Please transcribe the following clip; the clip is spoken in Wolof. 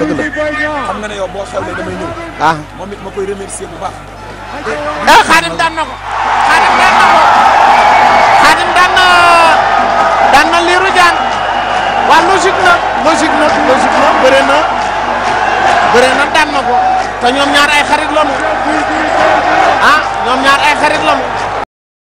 dëgg la xam nga ne yow ah. ah. eh, daan na ko. Xaadim daan na ko. Xaadim daan daan na liiru jaan. waaw logique na logique na logique na bëre na bëre na daan na ko te ñoom ñaar ay xarit lañu ah ñoom ñaar ay xarit lañu.